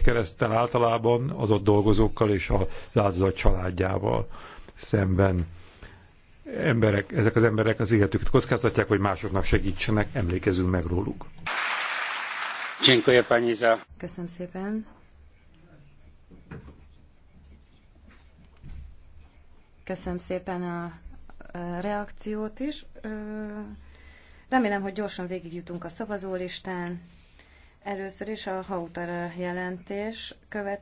keresztel általában az ott dolgozókkal és az áldozat családjával szemben. Emberek, ezek az emberek az életüket kockáztatják, hogy másoknak segítsenek, emlékezünk meg róluk. Köszönöm szépen. Köszönöm szépen a reakciót is. Remélem, hogy gyorsan végigjutunk a szavazólistán. Először is a Hautala jelentés követ